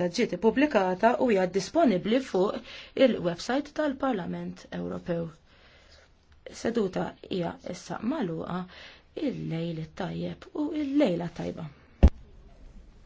Ta ġiet ippubblikata u hija disponibbli fuq il-website tal-Parlament Ewropew. Seduta hija issa magħluqa il-lejl tajjeb u il-lejla tajba.